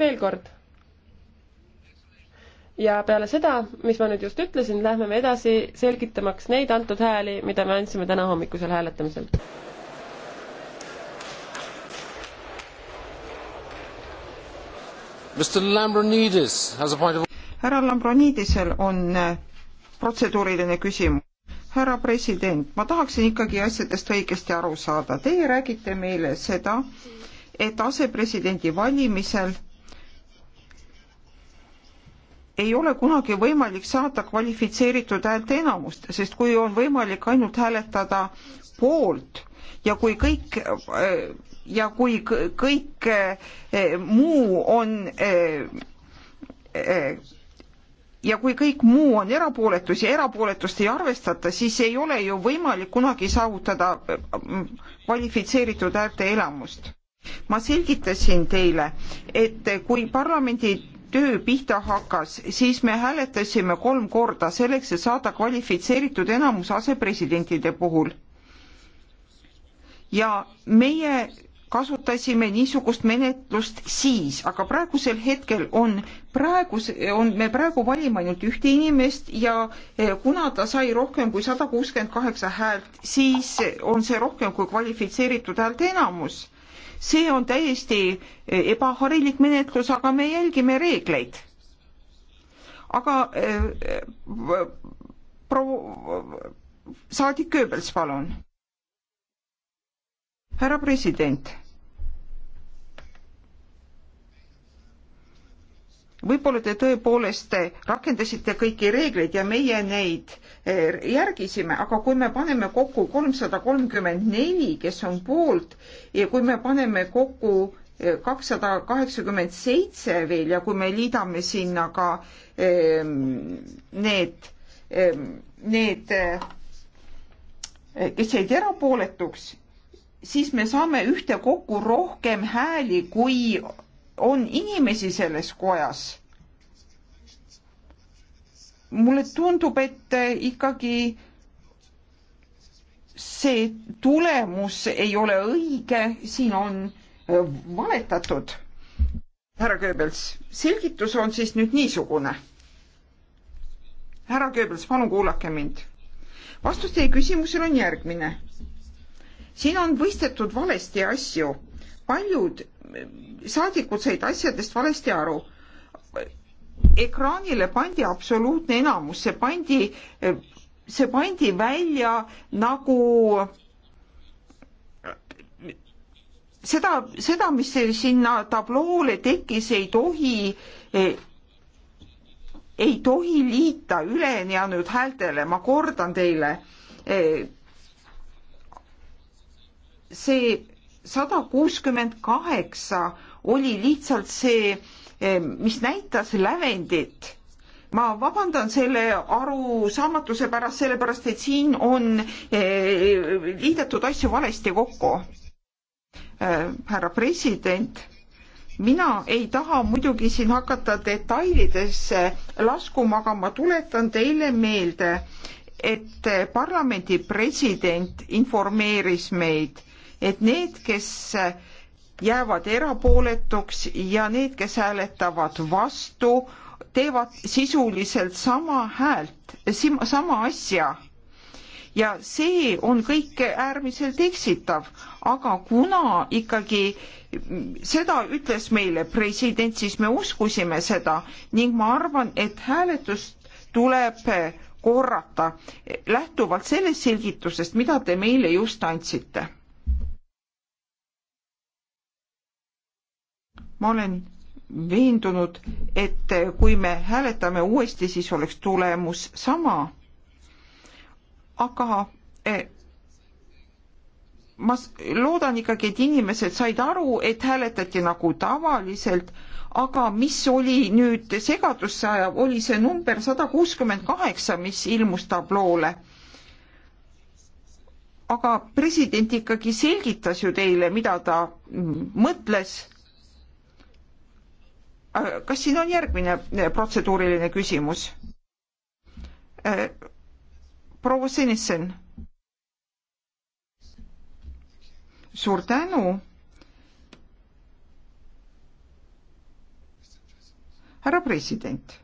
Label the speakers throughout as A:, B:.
A: veel kord. ja peale seda, mis ma nüüd just ütlesin, lähme me edasi selgitamaks neid antud hääli, mida me andsime täna hommikusel hääletamisel.
B: härra Lambronidisel on äh, protseduuriline küsimus härra president, ma tahaksin ikkagi asjadest õigesti aru saada. Teie räägite meile seda, et asepresidendi valimisel ei ole kunagi võimalik saada kvalifitseeritud häälteenamust, sest kui on võimalik ainult hääletada poolt ja kui kõik äh, ja kui kõik äh, muu on äh, ja kui kõik muu on erapooletus ja erapooletust ei arvestata, siis ei ole ju võimalik kunagi saavutada kvalifitseeritud häälteelamust. ma selgitasin teile, et kui parlamendi töö pihta hakkas, siis me hääletasime kolm korda selleks, et saada kvalifitseeritud enamus asepresidentide puhul. ja meie kasutasime niisugust menetlust siis, aga praegusel hetkel on praegus, on, me praegu valime ainult ühte inimest ja eh, kuna ta sai rohkem kui sada kuuskümmend kaheksa häält, siis on see rohkem kui kvalifitseeritud häälte enamus see on täiesti eh, ebaharilik menetlus, aga me jälgime reegleid. aga äh, eh, proua, saadik Goebbels, palun. härra president võib-olla te tõepoolest rakendasite kõiki reegleid ja meie neid eh, järgisime, aga kui me paneme kokku kolmsada kolmkümmend neli, kes on poolt ja kui me paneme kokku eh, kakssada kaheksakümmend seitse veel ja kui me liidame sinna ka ehm, need, ehm, need, eh, kes jäid erapooletuks, siis me saame ühtekokku rohkem hääli kui on inimesi selles kojas. mulle tundub, et ikkagi see tulemus ei ole õige, siin on äh, valetatud. härra Goebbels, selgitus on siis nüüd niisugune. härra Goebbels, palun kuulake mind. vastus teie küsimusele on järgmine. siin on võistetud valesti asju. paljud saadikud said asjadest valesti aru. ekraanile pandi absoluutne enamus, see pandi, see pandi välja nagu seda, seda, mis sinna tabloole tekkis, ei tohi, ei tohi liita ülejäänud häältele, ma kordan teile. see sada kuuskümmend kaheksa oli lihtsalt see, eh, mis näitas lävendit ma vabandan selle arusaamatuse pärast, sellepärast et siin on eh, liidetud asju valesti kokku. Eh, härra president, mina ei taha muidugi siin hakata detailidesse laskuma, aga ma tuletan teile meelde, et parlamendi president informeeris meid et need, kes jäävad erapooletuks ja need, kes hääletavad vastu, teevad sisuliselt sama häält, sama asja. ja see on kõik äärmiselt eksitav, aga kuna ikkagi seda ütles meile president, siis me uskusime seda ning ma arvan, et hääletust tuleb korrata lähtuvalt sellest selgitusest, mida te meile just andsite ma olen veendunud, et kui me hääletame uuesti, siis oleks tulemus sama. aga eh, ma loodan ikkagi, et inimesed said aru, et hääletati nagu tavaliselt, aga mis oli nüüd segadusse ajav, oli see number sada kuuskümmend kaheksa, mis ilmus tabloole. aga president ikkagi selgitas ju teile, mida ta mõtles kas siin on järgmine eh, protseduuriline küsimus? Eh, proua Senissen. suur tänu. härra president.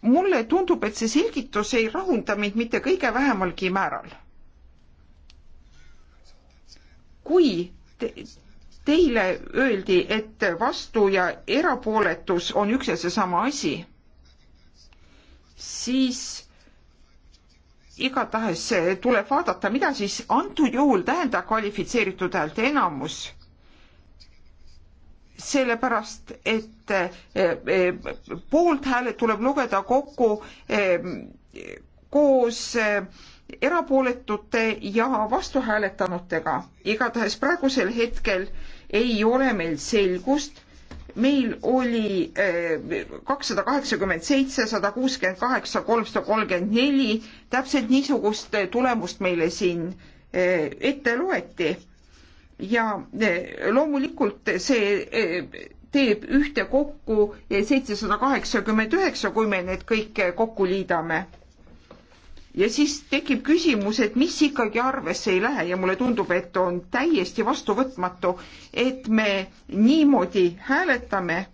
B: mulle tundub, et see selgitus ei rahunda mind mitte kõige vähemalgi määral. kui te, Teile öeldi, et vastu ja erapooletus on üks ja seesama asi, siis igatahes tuleb vaadata, mida siis antud juhul tähendab kvalifitseeritud häälte enamus sellepärast, et eh, eh, poolthääled tuleb lugeda kokku eh, koos erapooletute ja vastuhääletanutega. igatahes praegusel hetkel ei ole meil selgust. meil oli eh, kakssada kaheksakümmend seitse, sada kuuskümmend kaheksa, kolmsada kolmkümmend neli, täpselt niisugust tulemust meile siin eh, ette loeti. ja eh, loomulikult see teeb ühtekokku seitsesada kaheksakümmend üheksa, kui me need kõik kokku liidame ja siis tekib küsimus, et mis ikkagi arvesse ei lähe ja mulle tundub, et on täiesti vastuvõtmatu, et me niimoodi hääletame.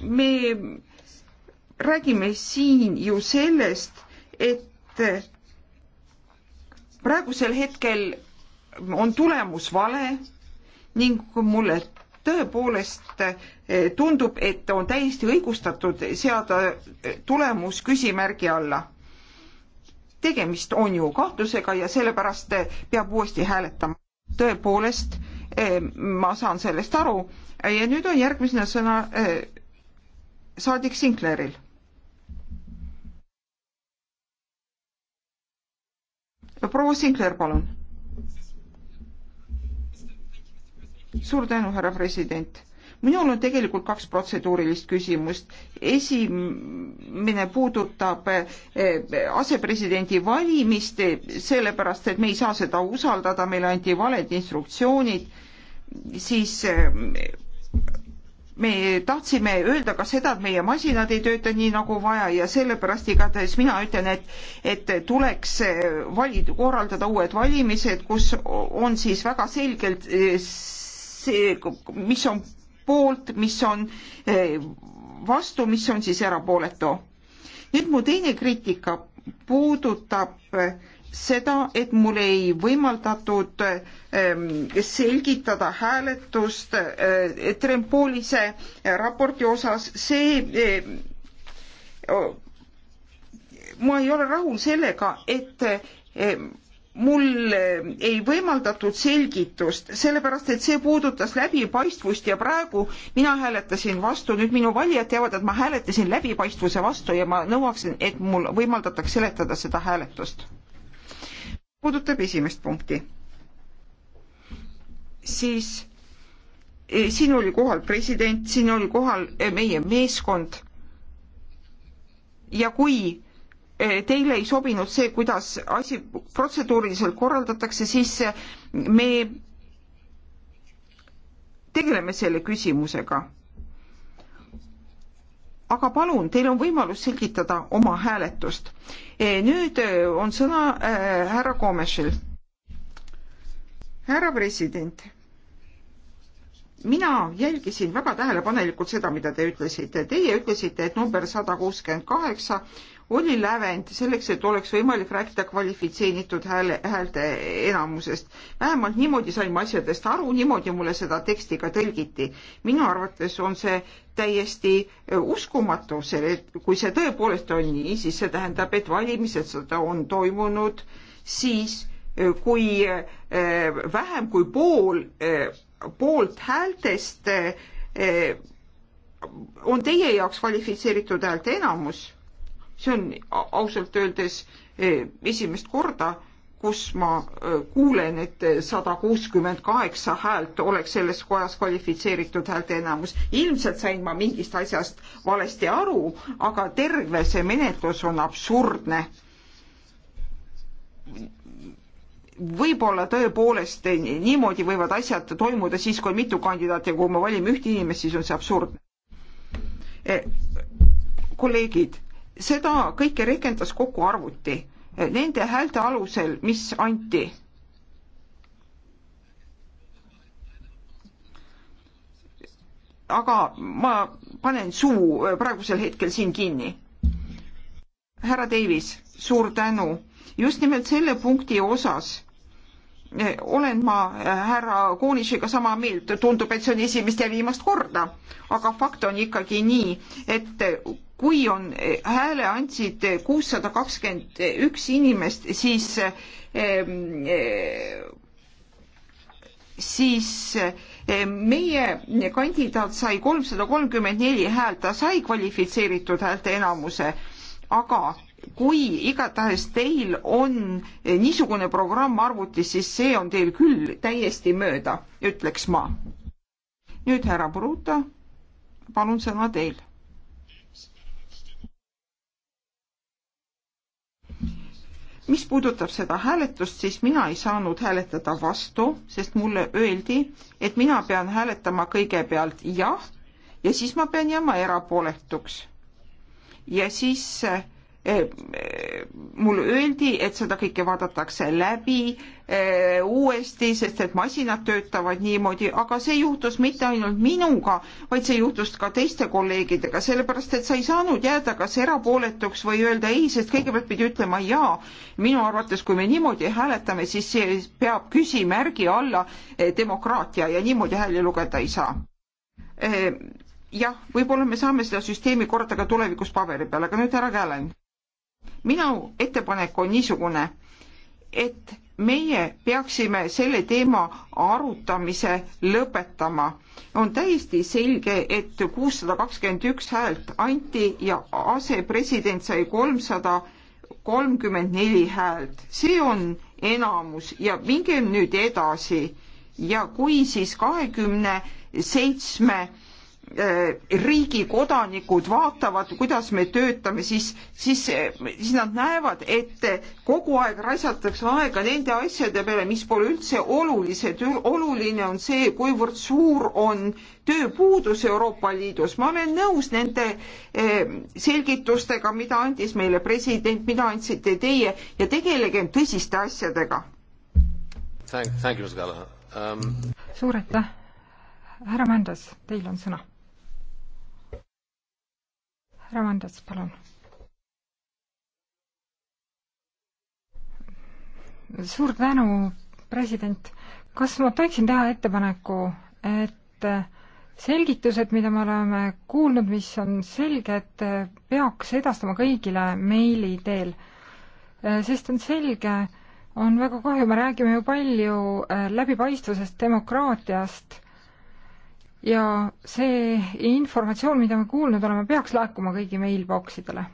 B: me räägime siin ju sellest, et praegusel hetkel on tulemus vale ning mulle tõepoolest eh, tundub, et on täiesti õigustatud seada eh, tulemus küsimärgi alla. tegemist on ju kahtlusega ja sellepärast eh, peab uuesti hääletama. tõepoolest, ma saan sellest aru ja nüüd on järgmisena sõna saadik Sinkleril. proua Sinkler, palun suur tänu, härra president. minul on tegelikult kaks protseduurilist küsimust. esimene puudutab eh, asepresidendi valimist, sellepärast et me ei saa seda usaldada, meile anti valed instruktsioonid, siis eh, me tahtsime öelda ka seda, et meie masinad ei tööta nii nagu vaja ja sellepärast igatahes mina ütlen, et, et tuleks eh, valid, korraldada uued valimised, kus on siis väga selgelt see, mis on poolt, mis on eh, vastu, mis on siis erapooletu. nüüd mu teine kriitika puudutab eh, seda, et mul ei võimaldatud eh, selgitada hääletust Trempolise raporti osas, see ma ei ole rahul sellega, et mul ei võimaldatud selgitust, sellepärast et see puudutas läbipaistvust ja praegu mina hääletasin vastu, nüüd minu valijad teavad, et ma hääletasin läbipaistvuse vastu ja ma nõuaksin, et mul võimaldataks seletada seda hääletust. puudutab esimest punkti. siis eh, siin oli kohal president, siin oli kohal eh, meie meeskond ja kui Äh, teile ei sobinud see, kuidas asi protseduuriliselt korraldatakse, siis äh, me tegeleme selle küsimusega. aga palun, teil on võimalus selgitada oma hääletust. Äh, nüüd on sõna äh, härra Komešil. härra president, mina jälgisin väga tähelepanelikult seda, mida te ütlesite. Teie ütlesite, et number sada kuuskümmend kaheksa oli lävend selleks, et oleks võimalik rääkida kvalifitseeritud hääle, häälte enamusest. vähemalt niimoodi sain ma asjadest aru, niimoodi mulle seda teksti ka tõlgiti. minu arvates on see täiesti äh, uskumatu, selle, kui see tõepoolest on nii, siis see tähendab, et valimised seda on toimunud siis, äh, kui äh, vähem kui pool poolthäältest on teie jaoks kvalifitseeritud häälte enamus see on ausalt öeldes eh, esimest korda, kus ma eh, kuulen, et sada kuuskümmend kaheksa häält oleks selles kojas kvalifitseeritud häälteenamus. ilmselt sain ma mingist asjast valesti aru, aga terve see menetlus on absurdne võib-olla tõepoolest niimoodi võivad asjad toimuda siis, kui on mitu kandidaati ja kui me valime ühte inimest, siis on see absurdne. Eh, kolleegid, seda kõike rekendas kokku arvuti nende häälte alusel, mis anti. aga ma panen suu praegusel hetkel siin kinni. härra Davis, suur tänu. just nimelt selle punkti osas e, olen ma härra Koonišiga sama meelt, tundub, et see on esimest ja viimast korda, aga fakt on ikkagi nii, et kui on eh, hääle andsid kuussada kakskümmend üks inimest, siis ehm, eh, siis eh, meie kandidaat sai kolmsada kolmkümmend neli häält, ta sai kvalifitseeritud häälteenamuse, aga kui igatahes teil on niisugune programm arvutis, siis see on teil küll täiesti mööda, ütleks ma. nüüd härra Pruuta, palun sõna teil mis puudutab seda hääletust, siis mina ei saanud hääletada vastu, sest mulle öeldi, et mina pean hääletama kõigepealt jah ja siis ma pean jääma erapooletuks. ja siis äh, mulle öeldi, et seda kõike vaadatakse läbi eh, uuesti, sest et masinad töötavad niimoodi, aga see juhtus mitte ainult minuga, vaid see juhtus ka teiste kolleegidega, sellepärast et sa ei saanud jääda kas erapooletuks või öelda ei, sest kõigepealt pidi ütlema jaa. minu arvates, kui me niimoodi hääletame, siis see peab küsimärgi alla eh, demokraatia ja niimoodi hääli lugeda ei saa eh, jah, võib-olla me saame seda süsteemi korda ka tulevikus paberi peal, aga nüüd härra Kälen minu ettepanek on niisugune, et meie peaksime selle teema arutamise lõpetama. on täiesti selge, et kuussada kakskümmend üks häält anti ja asepresident sai kolmsada kolmkümmend neli häält, see on enamus ja mingem nüüd edasi ja kui siis kahekümne seitsme 27 Äh, riigi kodanikud vaatavad, kuidas me töötame, siis, siis, siis nad näevad, et kogu aeg raisatakse aega nende asjade peale, mis pole üldse olulised. oluline on see, kuivõrd suur on tööpuudus Euroopa Liidus. ma olen nõus nende äh, selgitustega, mida andis meile president, mida andsite teie ja tegelegem tõsiste asjadega.
C: Um...
B: suur aitäh,
D: härra Mändas, teil on sõna härra Mandats, palun. suur tänu, president. kas ma tohiksin teha ettepaneku, et selgitused, mida me oleme kuulnud, mis on selged, peaks edastama kõigile meili teel, sest on selge, on väga kahju, me räägime ju palju läbipaistvusest, demokraatiast ja see informatsioon, mida me kuulnud oleme, peaks laekuma kõigi mailboxidele.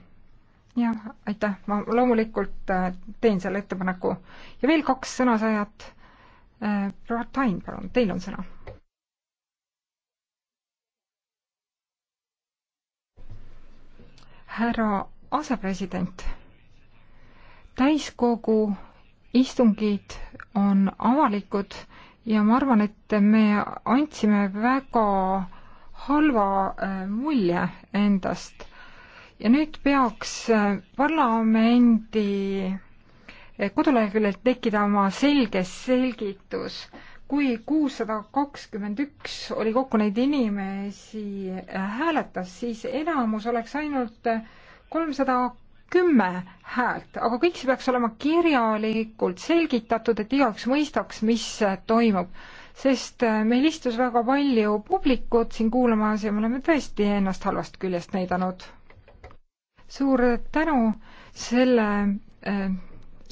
D: jah, aitäh, ma loomulikult äh, teen selle ettepaneku. ja veel kaks sõnasajat. Äh, proua Tain, palun, teil on sõna. härra asepresident, täiskogu istungid on avalikud ja ma arvan, et me andsime väga halva äh, mulje endast. ja nüüd peaks äh, parlamendi äh, koduleheküljelt tekkida oma selge selgitus, kui kuussada kakskümmend üks oli kokku neid inimesi hääletas, siis enamus oleks ainult kolmsada kümme häält, aga kõik see peaks olema kirjalikult selgitatud, et igaüks mõistaks, mis toimub. sest äh, meil istus väga palju publikut siin kuulamas ja me oleme tõesti ennast halvast küljest näidanud. suur tänu selle äh,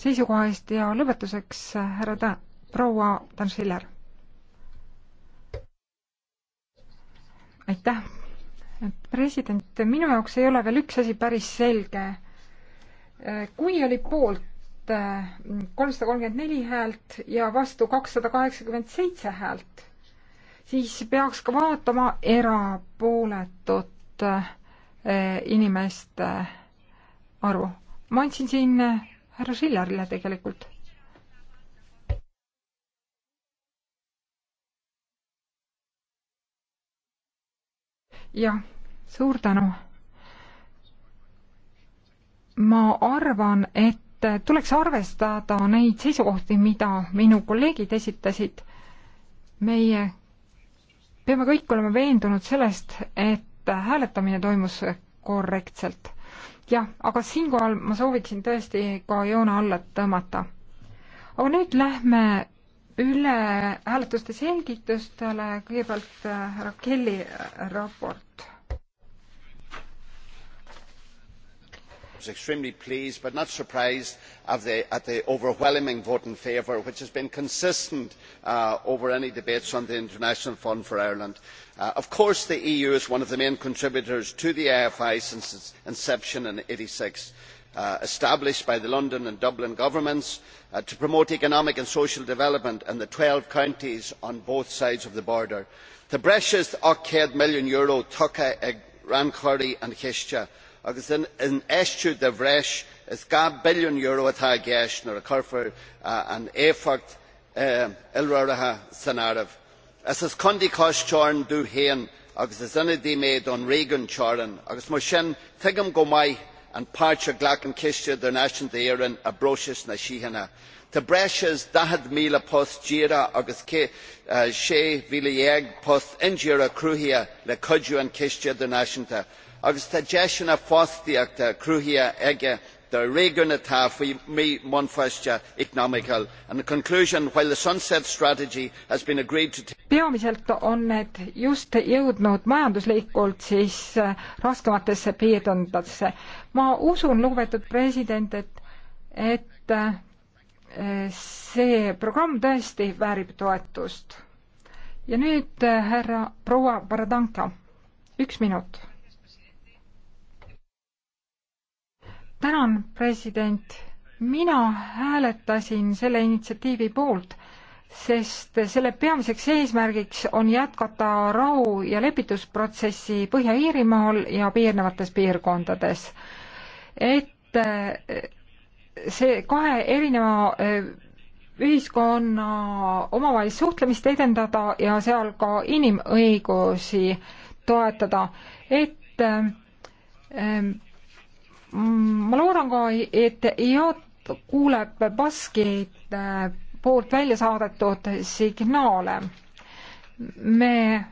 D: seisukoha eest ja lõpetuseks äh, härra tä-, proua Tanšiller. aitäh. president, minu jaoks ei ole veel üks asi päris selge Äh, kui oli poolt äh, kolmsada kolmkümmend neli häält ja vastu kakssada kaheksakümmend seitse häält, siis peaks ka vaatama erapooletut äh, inimeste arvu. ma andsin siin härra Sillarile tegelikult. jah, suur tänu ma arvan, et tuleks arvestada neid seisukohti, mida minu kolleegid esitasid. meie peame kõik olema veendunud sellest, et hääletamine toimus korrektselt. jah, aga siinkohal ma sooviksin tõesti ka joone alla tõmmata. aga nüüd lähme üle hääletuste selgitustele, kõigepealt äh, härra Kelly äh, raport
C: was extremely pleased but not surprised at the overwhelming vote in favour which has been consistent uh, over any debates on the international fund for ireland. Uh, of course the eu is one of the main contributors to the efi since its inception in one thousand nine hundred and eighty six uh, established by the london and dublin governments to promote economic and social development in the twelve counties on both sides of the border. the breches ochtag million euro tuca rancurdy and cistha agus in eistú de bhreis is gá billiún euro atá i gceist nuair a gcuirfear an éifeacht eh, illreoirithe san áireamh. is is contae cás tearn dú féin agus is ina dtí don ríogain tearn agus mar sin tuigim go maith an páirtear ghlac an ciste den aisteanta éireann a bpróiseas na síochána. tá breis deireadh míle post díreach agus eh, sé mhíle dheimh post intíre cruthaithe le cuidiú an ciste den aisteanta agus tá deis na fóstaíochta cruthaithe aige de réigiúin atá faoi mionfosca economical and in conclusion while the sunset strategy has been agreed to peamiselt
D: on need just jõudnud majanduslikult siis äh, raskematesse piirkondadesse. ma usun, lugupeetud president, et, et äh, see programm tõesti väärib toetust. ja nüüd äh, härra proua Baradanka, üks minut tänan, president. mina hääletasin selle initsiatiivi poolt, sest selle peamiseks eesmärgiks on jätkata rahu- ja lepitusprotsessi Põhja-Iirimaal ja piirnevates piirkondades. et eh, see kahe erineva eh, ühiskonna omavahelist suhtlemist edendada ja seal ka inimõigusi toetada, et ähm, Mm, ma loodan ka, et EAT kuuleb Baski äh, poolt välja saadetud signaale. me äh,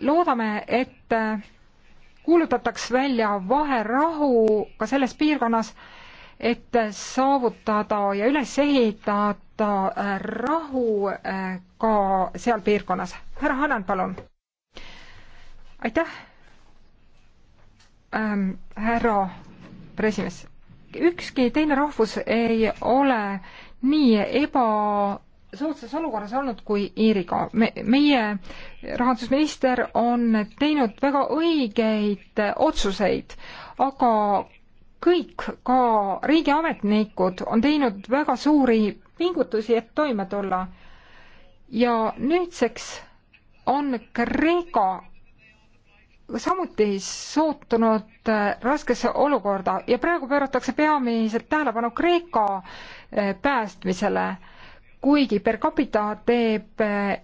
D: loodame, et äh, kuulutataks välja vaherahu ka selles piirkonnas, et saavutada ja üles ehitada rahu ka seal piirkonnas. härra Hanan, palun. aitäh ähm,, härra preesimees, ükski teine rahvus ei ole nii ebasoodsas olukorras olnud kui Iiriga. me, meie rahandusminister on teinud väga õigeid otsuseid, aga kõik, ka riigiametnikud on teinud väga suuri pingutusi, et toime tulla. ja nüüdseks on Kreeka samuti sootunud äh, raskesse olukorda ja praegu pööratakse peamiselt tähelepanu Kreeka äh, päästmisele, kuigi per capita teeb äh,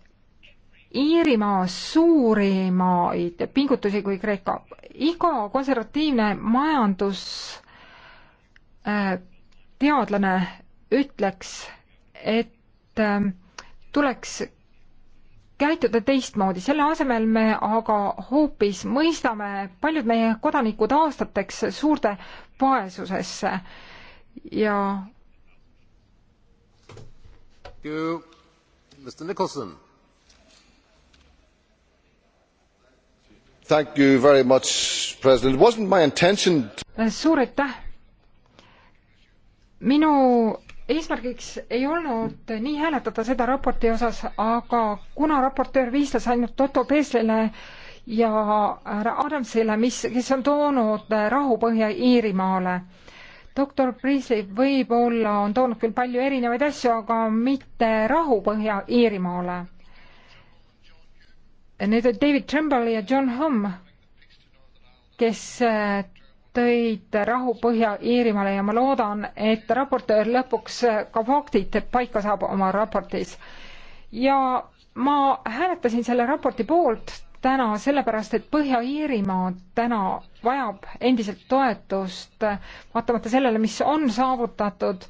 D: Iirimaa suurimaid pingutusi kui Kreeka. iga konservatiivne majandusteadlane ütleks, et tuleks käituda teistmoodi, selle asemel me aga hoopis mõistame paljud meie kodanikud aastateks suurde vaesusesse ja
C: You, mr nicholson thank you very much president it wasn't my intention
D: to... suur aitäh minu eesmärgiks ei olnud nii hääletada seda raporti osas, aga kuna raportöör viistas ainult Otto Peeslile ja härra Adamsile, mis, kes on toonud rahu Põhja-Iirimaale, doktor Priisley võib-olla on toonud küll palju erinevaid asju, aga mitte rahu Põhja-Iirimaale. Need on David Tremble ja John Humm, kes tõid rahu Põhja-Iirimaale ja ma loodan, et raportöör lõpuks ka faktid paika saab oma raportis. ja ma hääletasin selle raporti poolt täna sellepärast, et Põhja-Iirimaa täna vajab endiselt toetust, vaatamata sellele, mis on saavutatud,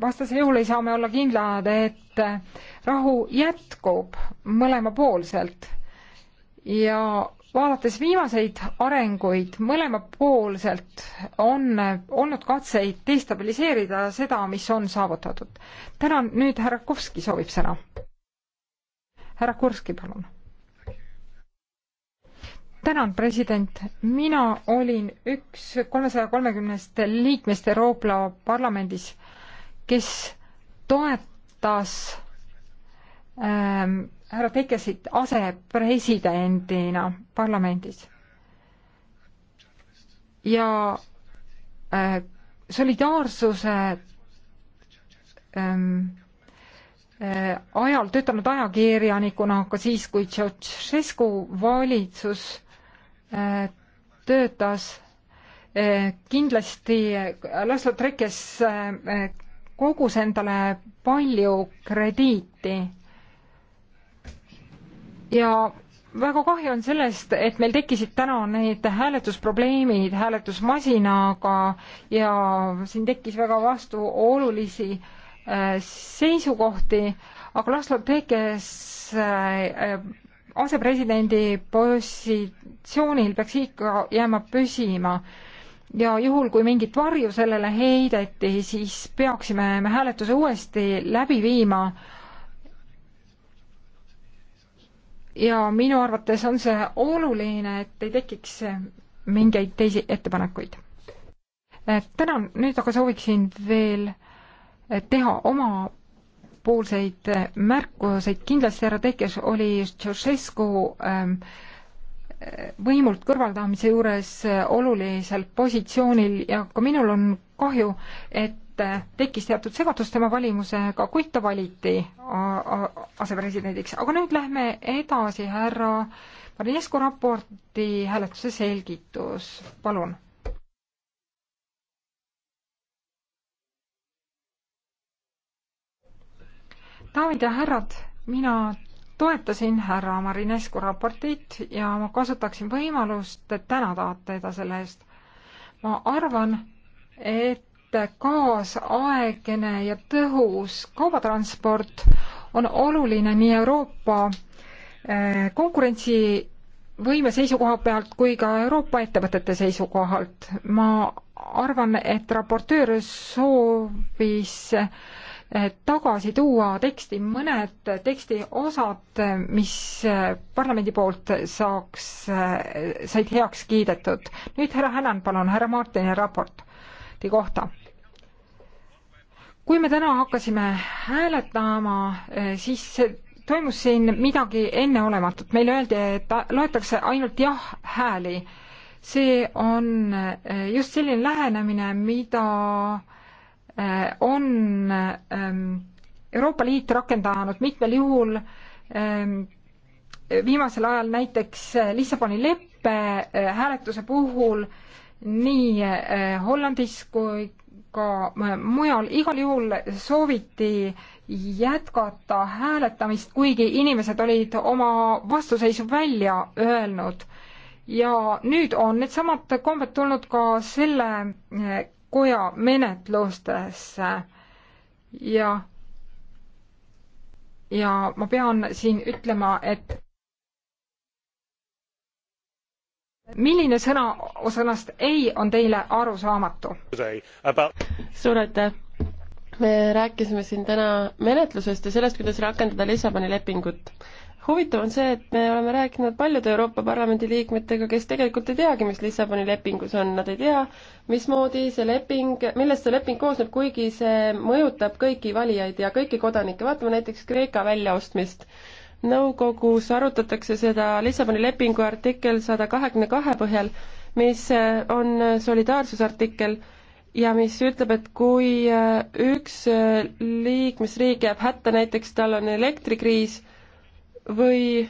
D: vastasel juhul ei saa me olla kindlad, et rahu jätkub mõlemapoolselt ja vaadates viimaseid arenguid mõlemapoolselt, on olnud katseid destabiliseerida seda, mis on saavutatud. tänan, nüüd härra Kovski soovib sõna. härra Kurski, palun. tänan, president, mina olin üks kolmesaja kolmekümnest liikmest Euroopa Parlamendis, kes toetas ähm, härra Pekesit asepresidendina parlamendis. ja äh, solidaarsuse ähm, äh, ajal töötanud ajakirjanikuna ka siis, kui Ceausescu valitsus äh, töötas äh, kindlasti äh, Laslo Trekes äh, äh, kogus endale palju krediiti ja väga kahju on sellest, et meil tekkisid täna need hääletusprobleemid hääletusmasinaga ja siin tekkis väga vastuolulisi äh, seisukohti, aga Laslo Tekes äh, äh, asepresidendi positsioonil peaks ikka jääma püsima ja juhul, kui mingit varju sellele heideti, siis peaksime me hääletuse uuesti läbi viima ja minu arvates on see oluline, et ei tekiks mingeid teisi ettepanekuid. Eh, tänan, nüüd aga sooviksin veel eh, teha omapoolseid eh, märkuseid, kindlasti härra Tekes oli Ceausescu ähm, võimult kõrvaldamise juures olulisel positsioonil ja ka minul on kahju, et et tekkis teatud segadus tema valimusega, kuid ta valiti asepresidendiks. aga nüüd lähme edasi härra Marinesko raporti hääletuse selgitus, palun daamid ja härrad, mina toetasin härra Marinescu raportit ja ma kasutaksin võimalust tänada teda selle eest. ma arvan, et kaasaegne ja tõhus kaubatransport on oluline nii Euroopa eh, konkurentsivõime seisukoha pealt kui ka Euroopa ettevõtete seisukohalt. ma arvan, et raportöör soovis eh, tagasi tuua teksti mõned teksti osad, mis parlamendi poolt saaks, eh, said heaks kiidetud. nüüd härra Hänan, palun, härra Martini raport raporti kohta. kui me täna hakkasime hääletama, eh, siis toimus siin midagi enneolematut, meile öeldi, et loetakse ainult jah-hääli. see on eh, just selline lähenemine, mida eh, on ehm, Euroopa Liit rakendanud mitmel juhul ehm, viimasel ajal näiteks Lissaboni leppe hääletuse puhul nii eh, Hollandis kui ka eh, mujal, igal juhul sooviti jätkata hääletamist, kuigi inimesed olid oma vastuseisu välja öelnud. ja nüüd on needsamad kombed tulnud ka selle eh, koja menetlustesse ja ja ma pean siin ütlema, et milline sõna
A: osast ei on teile arusaamatu? suur aitäh! me rääkisime siin täna menetlusest ja sellest, kuidas rakendada Lissaboni lepingut. huvitav on see, et me oleme rääkinud paljude Euroopa Parlamendi liikmetega, kes tegelikult ei teagi, mis Lissaboni lepingus on, nad ei tea, mismoodi see leping, millest see leping koosneb, kuigi see mõjutab kõiki valijaid ja kõiki kodanikke, vaatame näiteks Kreeka väljaostmist nõukogus arutatakse seda Lissaboni lepingu artikkel sada kahekümne kahe põhjal, mis eh, on eh, solidaarsusartikkel ja mis ütleb, et kui eh, üks liikmesriik jääb hätta, näiteks tal on elektrikriis või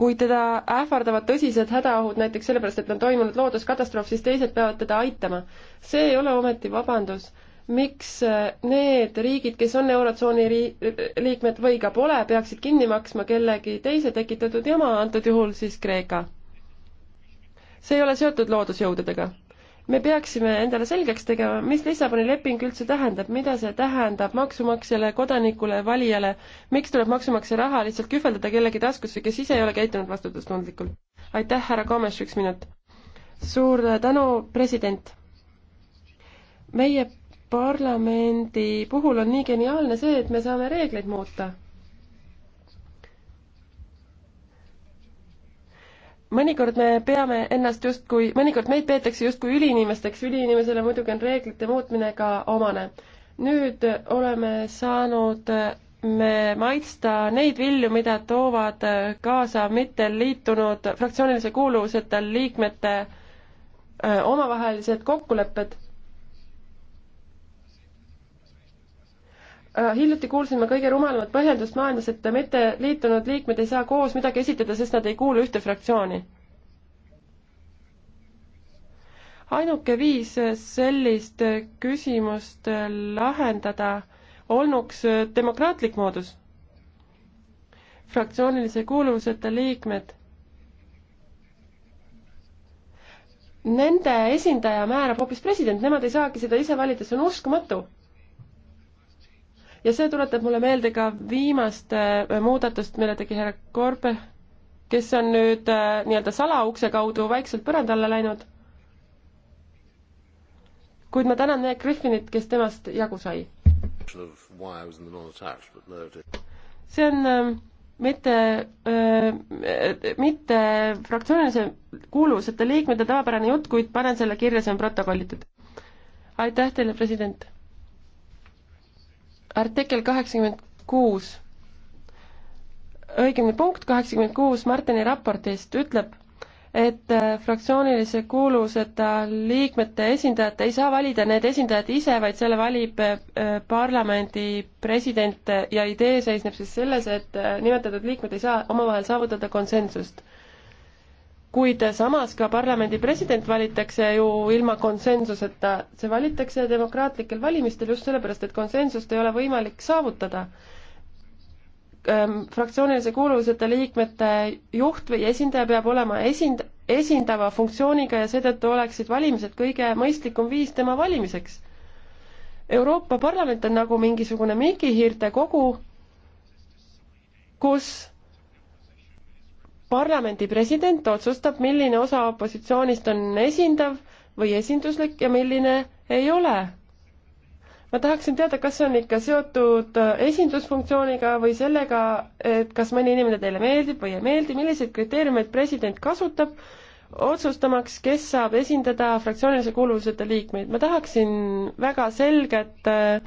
A: kui teda ähvardavad tõsised hädaohud, näiteks sellepärast, et on toimunud looduskatastroof, siis teised peavad teda aitama. see ei ole ometi vabandus miks äh, need riigid, kes on Eurotsooni ri-, liikmed või ka pole, peaksid kinni maksma kellegi teise tekitatud jama, antud juhul siis Kreeka. see ei ole seotud loodusjõududega. me peaksime endale selgeks tegema, mis Lissaboni leping üldse tähendab, mida see tähendab maksumaksjale, kodanikule, valijale, miks tuleb maksumaksja raha lihtsalt kühveldada kellegi taskusse, kes ise ei ole käitunud vastutustundlikult. aitäh, härra Komes, üks minut. suur tänu, president meie parlamendi puhul on nii geniaalne see, et me saame reegleid muuta. mõnikord me peame ennast justkui, mõnikord meid peetakse justkui üliinimesteks, üliinimesele muidugi on reeglite muutmine ka omane. nüüd oleme saanud me maitsta neid vilju, mida toovad kaasa mitte liitunud fraktsioonilise kuuluvuseta liikmete omavahelised kokkulepped Äh, hiljuti kuulsime kõige rumalamat põhjendust maailmas, et mitteliitunud liikmed ei saa koos midagi esitada, sest nad ei kuulu ühte fraktsiooni. ainuke viis sellist küsimust lahendada olnuks demokraatlik moodus. fraktsioonilise kuuluvuseta liikmed nende esindaja määrab hoopis president, nemad ei saagi seda ise valida, see on uskumatu ja see tuletab mulle meelde ka viimast äh, muudatust, mille tegi härra Korbe, kes on nüüd äh, nii-öelda salaukse kaudu vaikselt põranda alla läinud. kuid ma tänan Nick Griffinit, kes temast jagu sai. see on ähm, mitte, äh, mitte fraktsioonilise kuuluvuseta liikmete tavapärane jutt, kuid panen selle kirja, see on protokollitud. aitäh teile, president artikkel kaheksakümmend kuus, õigemini punkt kaheksakümmend kuus Martini raportist ütleb, et äh, fraktsioonilise kuuluvuseta liikmete esindajat ei saa valida need esindajad ise, vaid selle valib äh, parlamendi president ja idee seisneb siis selles, et äh, nimetatud liikmed ei saa omavahel saavutada konsensust kuid samas ka parlamendi president valitakse ju ilma konsensuseta, see valitakse demokraatlikel valimistel just sellepärast, et konsensust ei ole võimalik saavutada ehm, fraktsioonilise kuuluvuseta liikmete juht või esindaja peab olema esind-, esindava funktsiooniga ja seetõttu oleksid valimised kõige mõistlikum viis tema valimiseks. Euroopa Parlament on nagu mingisugune mikihiirte kogu, kus parlamendi president otsustab, milline osa opositsioonist on esindav või esinduslik ja milline ei ole. ma tahaksin teada, kas see on ikka seotud äh, esindusfunktsiooniga või sellega, et kas mõni inimene teile meeldib või ei meeldi, milliseid kriteeriumeid president kasutab, otsustamaks, kes saab esindada fraktsioonilise kuuluvuseta liikmeid. ma tahaksin väga selget äh,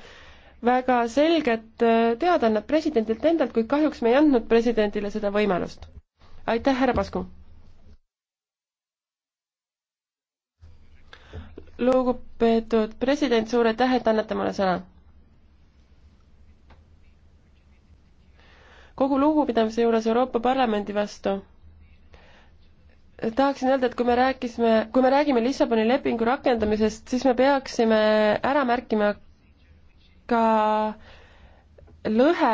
A: väga selget äh, teadaannet presidendilt endalt, kuid kahjuks me ei andnud presidendile seda võimalust aitäh, härra Pasku. lugupeetud president, suur aitäh, et annate mulle sõna. kogu lugupidamise juures Euroopa Parlamendi vastu tahaksin öelda, et kui me rääkisime, kui me räägime Lissaboni lepingu rakendamisest, siis me peaksime ära märkima ka lõhe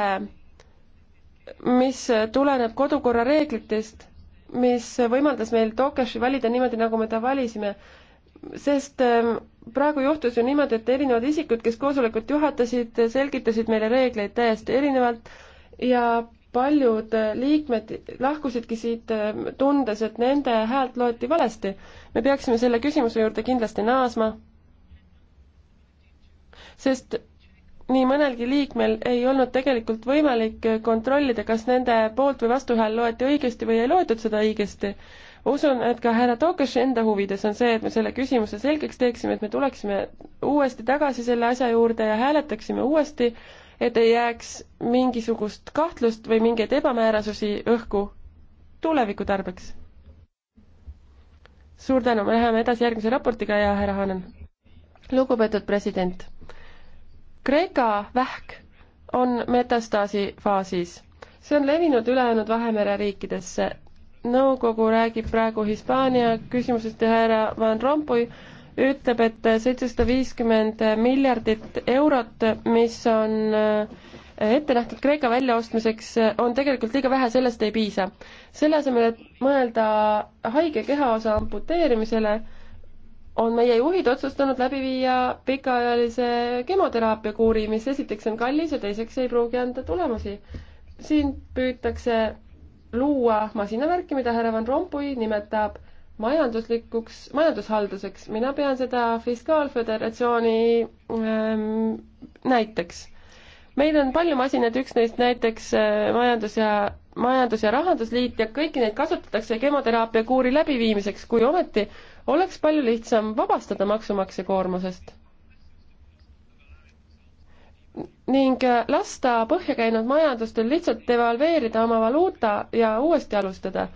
A: mis tuleneb kodukorra reeglitest, mis võimaldas meil Tokashi valida niimoodi, nagu me ta valisime. sest ähm, praegu juhtus ju niimoodi, et erinevad isikud, kes koosolekut juhatasid, selgitasid meile reegleid täiesti erinevalt ja paljud äh, liikmed lahkusidki siit ähm, tundes, et nende häält loeti valesti. me peaksime selle küsimuse juurde kindlasti naasma, sest nii mõnelgi liikmel ei olnud tegelikult võimalik kontrollida, kas nende poolt või vastuhääl loeti õigesti või ei loetud seda õigesti. usun, et ka härra Tokaši enda huvides on see, et me selle küsimuse selgeks teeksime, et me tuleksime uuesti tagasi selle asja juurde ja hääletaksime uuesti, et ei jääks mingisugust kahtlust või mingeid ebamäärasusi õhku tuleviku tarbeks. suur tänu, me läheme edasi järgmise raportiga ja härra Hanen. lugupeetud president Kreeka vähk on metastaasi faasis. see on levinud ülejäänud Vahemere riikidesse. nõukogu räägib praegu Hispaania küsimusest ja härra Van Rompuy ütleb, et seitsesada viiskümmend miljardit eurot, mis on äh, ette nähtud Kreeka väljaostmiseks, on tegelikult liiga vähe, sellest ei piisa. selle asemel, et mõelda haige kehaosa amputeerimisele, on meie juhid otsustanud läbi viia pikaajalise kemoteraapia kuuri, mis esiteks on kallis ja teiseks ei pruugi anda tulemusi. siin püütakse luua masinavärki, mida härra Van Rompuy nimetab majanduslikuks, majandushalduseks. mina pean seda Fiskaalföderatsiooni ähm, näiteks. meil on palju masinaid, üks neist näiteks äh, majandus ja majandus- ja rahandusliit ja kõiki neid kasutatakse kemoteraapia kuuri läbiviimiseks, kui ometi oleks palju lihtsam vabastada maksumaksja koormusest ning äh, lasta põhja käinud majandustel lihtsalt devalveerida oma valuuta ja uuesti alustada.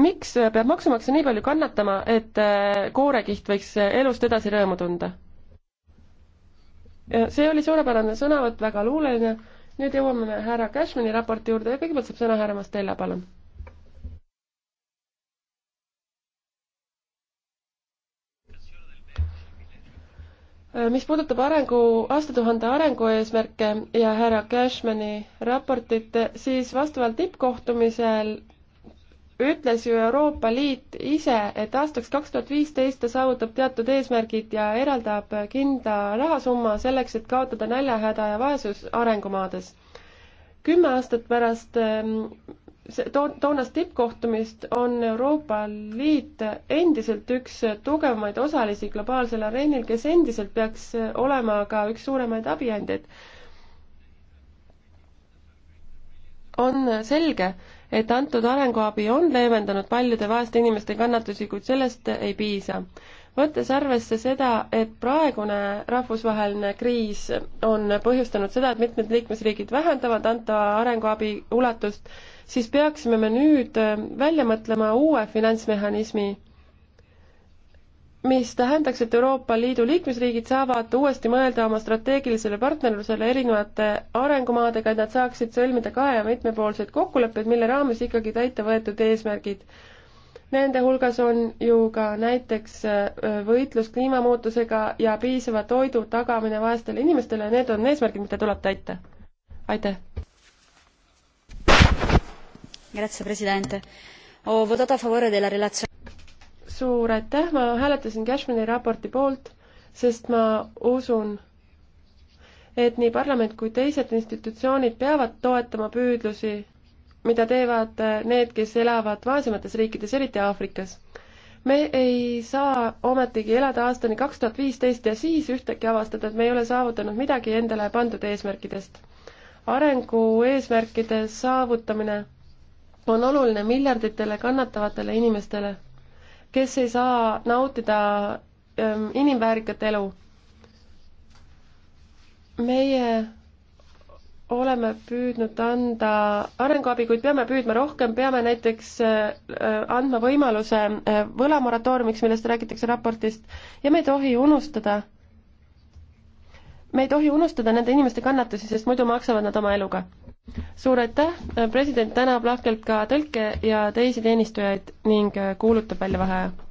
A: miks äh, peab maksumaksja nii palju kannatama, et äh, koorekiht võiks elust edasi rõõmu tunda? see oli suurepärane sõnavõtt, väga luuleline. nüüd jõuame härra Cashmani raporti juurde ja kõigepealt saab sõna härra Mastella, palun Äh, mis puudutab arengu, aastatuhande arengueesmärke ja härra Cashmani raportit, siis vastavalt tippkohtumisel ütles ju Euroopa Liit ise, et aastaks kaks tuhat viisteist ta saavutab teatud eesmärgid ja eraldab kindla rahasumma selleks, et kaotada näljahäda ja vaesus arengumaades. kümme aastat pärast ähm, to-, toonast tippkohtumist on Euroopa Liit endiselt üks tugevamaid osalisi globaalsel areenil, kes endiselt peaks olema ka üks suuremaid abiandjaid. on selge, et antud arenguabi on leevendanud paljude vaeste inimeste kannatusi, kuid sellest ei piisa. võttes arvesse seda, et praegune rahvusvaheline kriis on põhjustanud seda, et mitmed liikmesriigid vähendavad antava arenguabi ulatust, siis peaksime me nüüd äh, välja mõtlema uue finantsmehhanismi, mis tähendaks, et Euroopa Liidu liikmesriigid saavad uuesti mõelda oma strateegilisele partnerlusele erinevate arengumaadega, et nad saaksid sõlmida kahe- ja mitmepoolseid kokkuleppeid, mille raames ikkagi täita võetud eesmärgid. Nende hulgas on ju ka näiteks äh, võitlus kliimamuutusega ja piisava toidu tagamine vaestele inimestele, need on eesmärgid, mida tuleb täita. aitäh! Grazie, president. ho votato a favore della relatsioon. suur aitäh, ma hääletasin Cashmani raporti poolt, sest ma usun, et nii parlament kui teised institutsioonid peavad toetama püüdlusi, mida teevad need, kes elavad vaesemates riikides, eriti Aafrikas. me ei saa ometigi elada aastani kaks tuhat viisteist ja siis ühtäkki avastada, et me ei ole saavutanud midagi endale pandud eesmärkidest. arengu eesmärkide saavutamine on oluline miljarditele kannatavatele inimestele, kes ei saa nautida ähm, inimväärikat elu. meie oleme püüdnud anda arenguabi, kuid peame püüdma rohkem, peame näiteks äh, äh, andma võimaluse äh, võlamoratooriumiks, millest räägitakse raportist, ja me ei tohi unustada, me ei tohi unustada nende inimeste kannatusi, sest muidu maksavad nad oma eluga suur aitäh, president tänab lahkelt ka tõlke ja teisi teenistujaid ning kuulutab välja vaheaja.